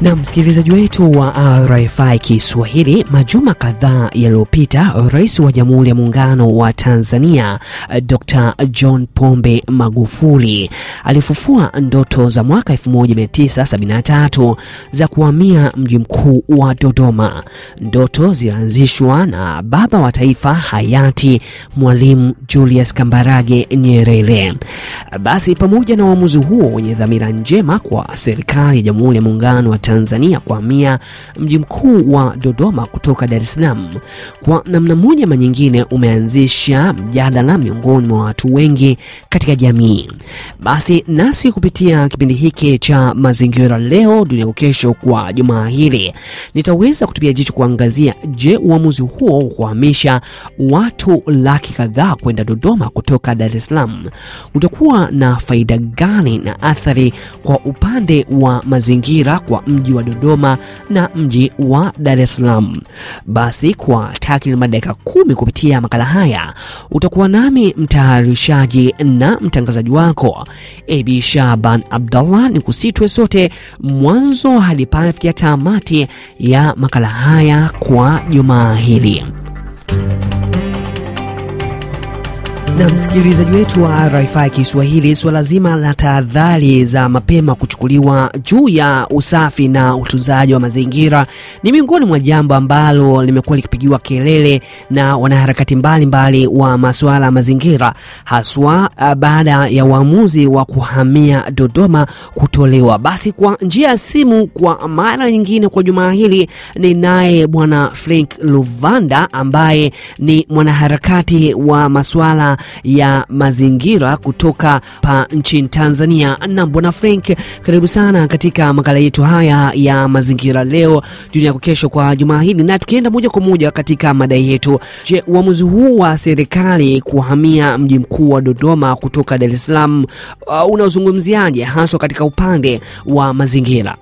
Na msikilizaji wetu wa RFI Kiswahili, majuma kadhaa yaliyopita, Rais wa Jamhuri ya Muungano wa Tanzania Dr. John Pombe Magufuli alifufua ndoto za mwaka 1973 za kuhamia mji mkuu wa Dodoma. Ndoto zilianzishwa na baba wa taifa hayati Mwalimu Julius Kambarage Nyerere. Basi pamoja na uamuzi huo wenye dhamira njema kwa serikali ya Jamhuri ya Muungano wa Tanzania kuhamia mji mkuu wa Dodoma kutoka Dar es Salaam, kwa namna moja ama nyingine umeanzisha mjadala miongoni mwa watu wengi katika jamii. Basi nasi kupitia kipindi hiki cha Mazingira Leo Dunia Kesho kwa jumaa hili nitaweza kutupia jicho kuangazia, je, uamuzi huo kuhamisha watu laki kadhaa kwenda Dodoma kutoka Dar es Salaam utakuwa na faida gani na athari kwa upande wa mazingira kwa mji wa Dodoma na mji wa Dar es Salaam. Basi kwa takriban dakika kumi kupitia makala haya utakuwa nami mtayarishaji na mtangazaji wako ebi Shaban Abdallah, ni kusitwe sote mwanzo hadi pale fikia tamati ya makala haya kwa jumaa hili. Na msikilizaji wetu wa RFI Kiswahili, suala zima la tahadhari za mapema kuchukuliwa juu ya usafi na utunzaji wa mazingira ni miongoni mwa jambo ambalo limekuwa likipigiwa kelele na wanaharakati mbalimbali mbali wa masuala ya mazingira, haswa uh, baada ya uamuzi wa kuhamia Dodoma kutolewa. Basi kwa njia ya simu kwa mara nyingine kwa jumaa hili ni naye Bwana Frank Luvanda ambaye ni mwanaharakati wa masuala ya mazingira kutoka pa nchini Tanzania. Na bwana Frank, karibu sana katika makala yetu haya ya mazingira leo dunia yako kesho kwa jumaa hili, na tukienda moja kwa moja katika madai yetu. Je, uamuzi huu wa serikali kuhamia mji mkuu wa Dodoma kutoka Dar es Salaam uh, unaozungumziaje haswa katika upande wa mazingira?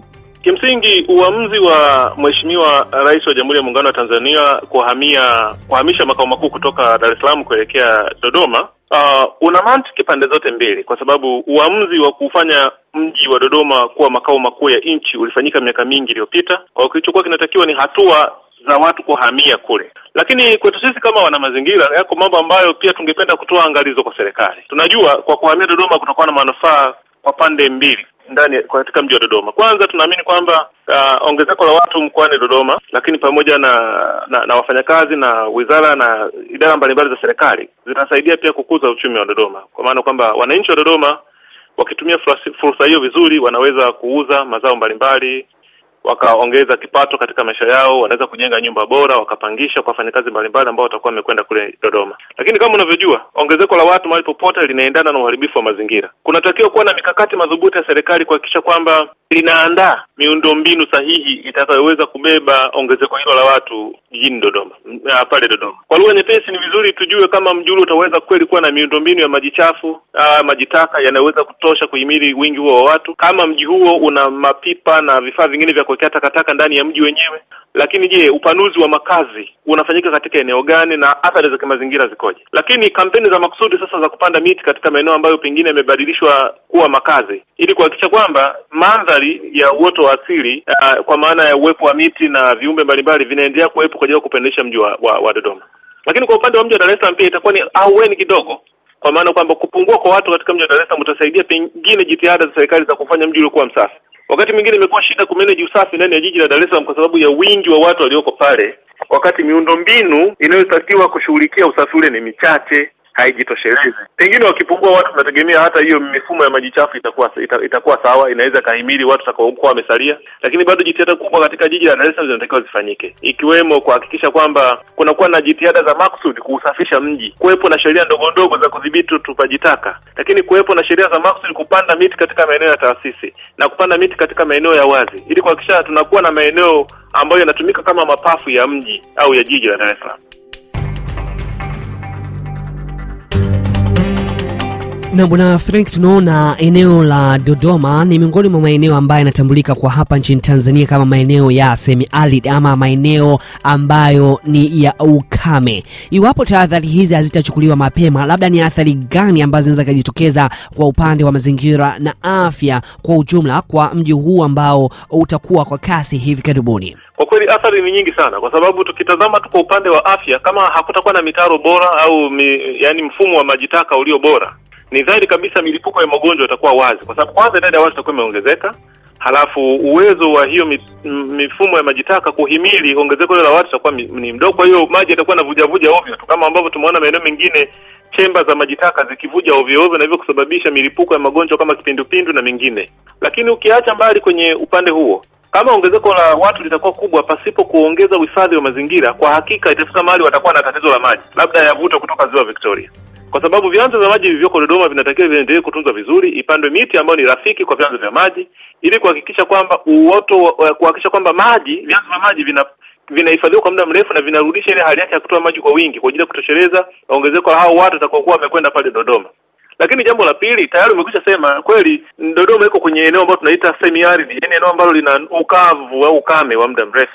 Kimsingi uamuzi wa Mheshimiwa Rais wa Jamhuri ya Muungano wa Tanzania kuhamia kuhamisha makao makuu kutoka Dar es Salaam kuelekea Dodoma uh, una mantiki pande zote mbili, kwa sababu uamuzi wa kufanya mji wa Dodoma kuwa makao makuu ya nchi ulifanyika miaka mingi iliyopita. Kwa kilichokuwa kinatakiwa ni hatua za watu kuhamia kule, lakini kwetu sisi kama wana mazingira yako mambo ambayo pia tungependa kutoa angalizo kwa serikali. Tunajua kwa kuhamia Dodoma kutakuwa na manufaa kwa pande mbili ndani katika mji wa Dodoma. Kwanza tunaamini kwamba uh, ongezeko la watu mkoani Dodoma, lakini pamoja na na, na wafanyakazi na wizara na idara mbalimbali za serikali zitasaidia pia kukuza uchumi wa Dodoma, kwa maana kwamba wananchi wa Dodoma wakitumia fursa hiyo vizuri, wanaweza kuuza mazao mbalimbali wakaongeza kipato katika maisha yao, wanaweza kujenga nyumba bora, wakapangisha kwa wafanyakazi mbalimbali ambao watakuwa wamekwenda kule Dodoma. Lakini kama unavyojua, ongezeko la watu mahali popote linaendana na uharibifu wa mazingira. Kunatakiwa kuwa na mikakati madhubuti ya serikali kuhakikisha kwamba linaandaa miundombinu sahihi itakayoweza kubeba ongezeko hilo la watu jijini Dodoma, eh, pale Dodoma. Kwa lugha nyepesi, ni vizuri tujue kama mji ule utaweza kweli kuwa na miundombinu ya maji chafu, ah, maji taka yanayoweza kutosha kuhimili wingi huo wa watu, kama mji huo una mapipa na vifaa vingine vya kuwekea takataka ndani ya mji wenyewe. Lakini je, upanuzi wa makazi unafanyika katika eneo gani na athari za kimazingira zikoje? Lakini kampeni za makusudi sasa za kupanda miti katika maeneo ambayo pengine yamebadilishwa kuwa makazi, ili kuhakikisha kwamba mandhari ya uoto wa asili uh, kwa maana ya uwepo wa miti na viumbe mbalimbali vinaendelea kuwepo kwa ajili ya kupendelesha mji wa, wa, wa Dodoma. Lakini kwa upande wa mji wa Dar Salaam pia itakuwa ni ahueni kidogo kwa maana kwamba kupungua kwa watu katika mji wa Dar Salaam utasaidia pengine jitihada za serikali za kufanya mji uliokuwa msafi. Wakati mwingine imekuwa shida kumanage usafi ndani ya jiji la Dar es Salaam kwa sababu ya wingi wa watu walioko pale, wakati miundombinu inayotakiwa kushughulikia usafi ule ni michache haijitoshelezi. Pengine wakipungua watu, tunategemea hata hiyo mifumo ya maji chafu itakuwa ita, itakuwa sawa, inaweza kahimili watu takaokuwa wamesalia, lakini bado jitihada kubwa katika jiji la Dar es Salaam zinatakiwa zifanyike, ikiwemo kuhakikisha kwamba kunakuwa na jitihada za makusudi kuusafisha mji, kuwepo na sheria ndogo ndogo za kudhibiti utupaji taka, lakini kuwepo na sheria za makusudi kupanda miti katika maeneo ya taasisi na kupanda miti katika maeneo ya wazi, ili kuhakikisha tunakuwa na maeneo ambayo yanatumika kama mapafu ya mji au ya jiji la Dar es Salaam. Na bwana Frank, tunaona eneo la Dodoma ni miongoni mwa maeneo ambayo yanatambulika kwa hapa nchini Tanzania kama maeneo ya semi-arid ama maeneo ambayo ni ya ukame. Iwapo tahadhari hizi hazitachukuliwa mapema, labda ni athari gani ambazo zinaweza kujitokeza kwa upande wa mazingira na afya kwa ujumla kwa mji huu ambao utakuwa kwa kasi hivi karibuni? Kwa kweli athari ni nyingi sana, kwa sababu tukitazama tu kwa upande wa afya, kama hakutakuwa na mitaro bora au mi, yani mfumo wa maji taka ulio bora ni dhahiri kabisa milipuko ya magonjwa itakuwa wazi, kwa sababu kwanza idadi ya watu itakuwa imeongezeka, halafu uwezo wa hiyo mifumo ya majitaka kuhimili ongezeko hilo la watu itakuwa ni mdogo. Kwa hiyo maji yatakuwa yanavuja vuja ovyo tu, kama ambavyo tumeona maeneo mengine chemba za majitaka zikivuja ovyo ovyo, na hivyo kusababisha milipuko ya magonjwa kama kipindupindu na mengine. Lakini ukiacha mbali kwenye upande huo, kama ongezeko la watu litakuwa kubwa pasipo kuongeza uhifadhi wa mazingira, kwa hakika itafika mahali watakuwa na tatizo la maji, labda yavutwa kutoka ziwa Victoria kwa sababu vyanzo vya maji vilivyoko Dodoma vinatakiwa viendelee kutunzwa vizuri, ipandwe miti ambayo ni rafiki kwa vyanzo vya maji ili kuhakikisha kwamba uoto, kuhakikisha kwamba maji, vyanzo vya maji vina vinahifadhiwa kwa muda mrefu na vinarudisha ile hali yake ya kutoa maji kwa wingi kwa ajili ya kutosheleza ongezeko la hao watu watakaokuwa wamekwenda pale Dodoma. Lakini jambo la pili, tayari umekwisha sema kweli, Dodoma iko kwenye eneo ambalo tunaita semi-arid, yaani eneo ambalo lina ukavu au ukame wa muda mrefu.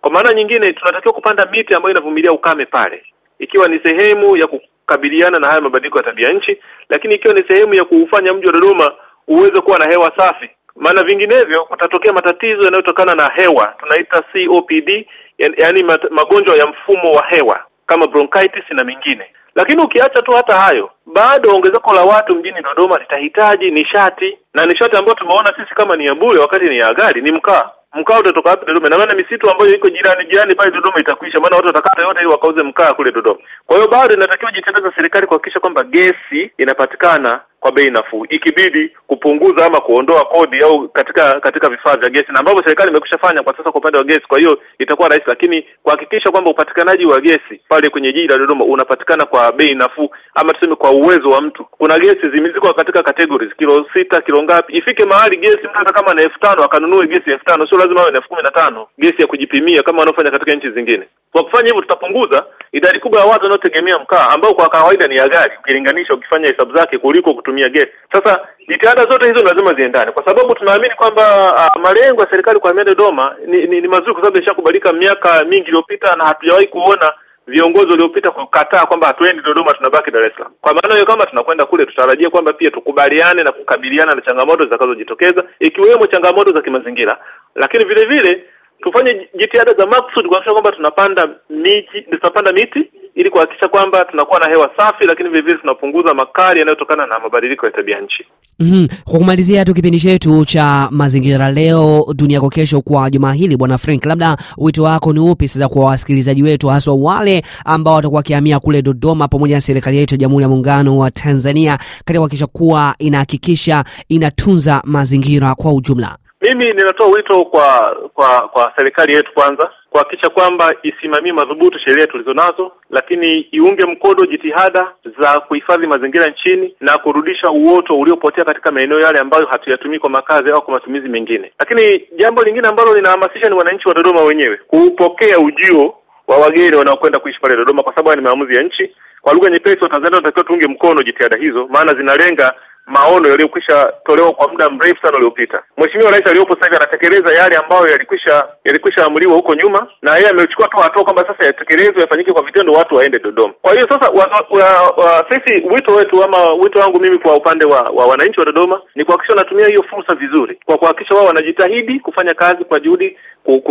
Kwa maana nyingine, tunatakiwa kupanda miti ambayo inavumilia ukame pale, ikiwa ni sehemu ya kukabiliana na haya mabadiliko ya tabia nchi, lakini ikiwa ni sehemu ya kuufanya mji wa Dodoma uweze kuwa na hewa safi, maana vinginevyo kutatokea matatizo yanayotokana na hewa, tunaita COPD, yaani magonjwa ya mfumo wa hewa kama bronchitis na mengine. Lakini ukiacha tu hata hayo, bado ongezeko la watu mjini Dodoma litahitaji nishati, na nishati ambayo tumeona sisi kama ni ya bure, wakati ni ya gari ni mkaa mkaa utatoka wapi Dodoma? Na maana misitu ambayo iko jirani jirani pale Dodoma itakwisha, maana watu watakata yote ili wakauze mkaa kule Dodoma. Kwa hiyo bado inatakiwa jitihada za serikali kuhakikisha kwamba gesi inapatikana kwa bei nafuu, ikibidi kupunguza ama kuondoa kodi au katika katika vifaa vya gesi, na ambavyo serikali imekushafanya kwa sasa kwa upande wa gesi. Kwa hiyo itakuwa rahisi, lakini kuhakikisha kwamba upatikanaji wa gesi pale kwenye jiji la Dodoma unapatikana kwa bei nafuu, ama tuseme kwa uwezo wa mtu. Kuna gesi zimezikwa katika categories kilo sita, kilo ngapi, ifike mahali gesi mpaka kama na elfu tano akanunue gesi elfu tano sio lazima awe na elfu kumi na tano gesi ya kujipimia kama wanaofanya katika nchi zingine. Kwa kufanya hivyo, tutapunguza idadi kubwa ya watu wanaotegemea mkaa ambao kwa kawaida ni ya gari ukilinganisha, ukifanya hesabu zake kuliko kutumia kutumia gesi. Sasa jitihada zote hizo lazima ziendane, kwa sababu tunaamini kwamba uh, malengo ya serikali kuhamia Dodoma ni, ni, ni mazuri, kwa sababu yashakubalika miaka mingi iliyopita na hatujawahi kuona viongozi waliopita kukataa kwamba hatuendi Dodoma, tunabaki Dar es Salaam. Kwa maana hiyo, kama tunakwenda kule, tutarajia kwamba pia tukubaliane na kukabiliana na changamoto zitakazojitokeza ikiwemo changamoto za kimazingira, lakini vile vile tufanye jitihada za makusudi kuhakikisha kwamba tunapanda miti tunapanda miti ili kuhakikisha kwamba tunakuwa na hewa safi, lakini vile vile tunapunguza makali yanayotokana na mabadiliko ya tabia nchi. mm -hmm. Kwa kumalizia tu kipindi chetu cha mazingira leo dunia yako kesho kwa jumaa hili, bwana Frank, labda wito wako ni upi sasa kwa wasikilizaji wetu, haswa wale ambao watakuwa wakihamia kule Dodoma pamoja na serikali yetu ya Jamhuri ya Muungano wa Tanzania katika kuhakikisha kuwa inahakikisha inatunza mazingira kwa ujumla? Mimi ninatoa wito kwa kwa kwa serikali yetu kwanza kuhakikisha kwamba isimamie madhubuti sheria tulizonazo, lakini iunge mkono jitihada za kuhifadhi mazingira nchini na kurudisha uoto uliopotea katika maeneo yale ambayo hatuyatumii kwa makazi au kwa matumizi mengine. Lakini jambo lingine ambalo linahamasisha ni wananchi wa Dodoma wenyewe kuupokea ujio wa wageni wanaokwenda kuishi pale Dodoma, kwa sababu ni maamuzi ya nchi. Kwa lugha nyepesi, Watanzania tunatakiwa tuunge mkono jitihada hizo, maana zinalenga maono yaliyokwisha tolewa kwa muda mrefu sana uliopita. Mheshimiwa Rais aliyopo sasa hivi anatekeleza yale ambayo yalikwisha yalikwisha amriwa huko nyuma, na yeye amechukua tu hatua kwamba sasa yatekelezwe, yafanyike kwa vitendo, watu waende Dodoma. Kwa hiyo sasa wa, wa, wa, sisi wito wetu ama wito wangu mimi kwa upande wa, wa wananchi wa Dodoma ni kuhakikisha wanatumia hiyo fursa vizuri, kwa kuhakikisha wao wanajitahidi kufanya kazi kwa juhudi,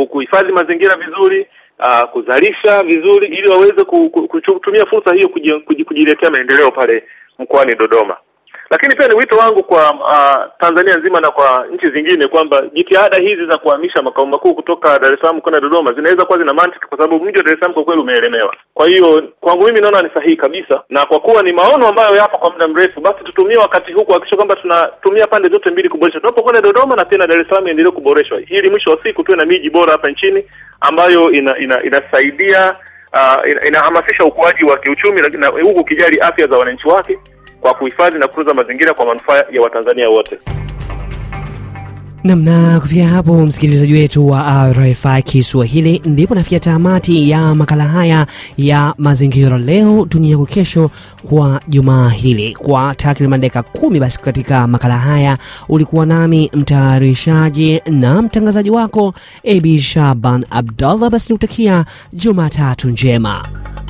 kuhifadhi mazingira vizuri Uh, kuzalisha vizuri ili waweze kutumia fursa hiyo kujiletea maendeleo pale mkoani Dodoma. Lakini pia ni wito wangu kwa uh, Tanzania nzima na kwa nchi zingine kwamba jitihada hizi za kuhamisha makao makuu kutoka Dar es Salaam kwenda Dodoma zinaweza kuwa zina mantiki, kwa sababu mji wa Dar es Salaam kwa kweli umeelemewa. Kwa hiyo kwangu mimi naona ni sahihi kabisa, na kwa kuwa ni maono ambayo yapo kwa muda mrefu, basi tutumie wakati huu kuhakikisha kwamba tunatumia pande zote mbili kuboresha tunapokwenda Dodoma, na pia na Dar es Salaam iendelee kuboreshwa, ili mwisho wa siku tuwe na miji bora hapa nchini ambayo ina, ina, inasaidia uh, inahamasisha ukuaji wa kiuchumi, na huku kijali afya za wananchi wake kwa kuhifadhi na kutunza mazingira kwa manufaa ya Watanzania wote. Namna kufikia hapo, msikilizaji wetu wa RFI Kiswahili, ndipo nafikia tamati ya makala haya ya mazingira leo tuniyako kesho kwa jumaa hili, kwa takriban dakika kumi. Basi katika makala haya ulikuwa nami mtayarishaji na mtangazaji wako Abi Shaban Abdallah. Basi nikutakia Jumatatu njema.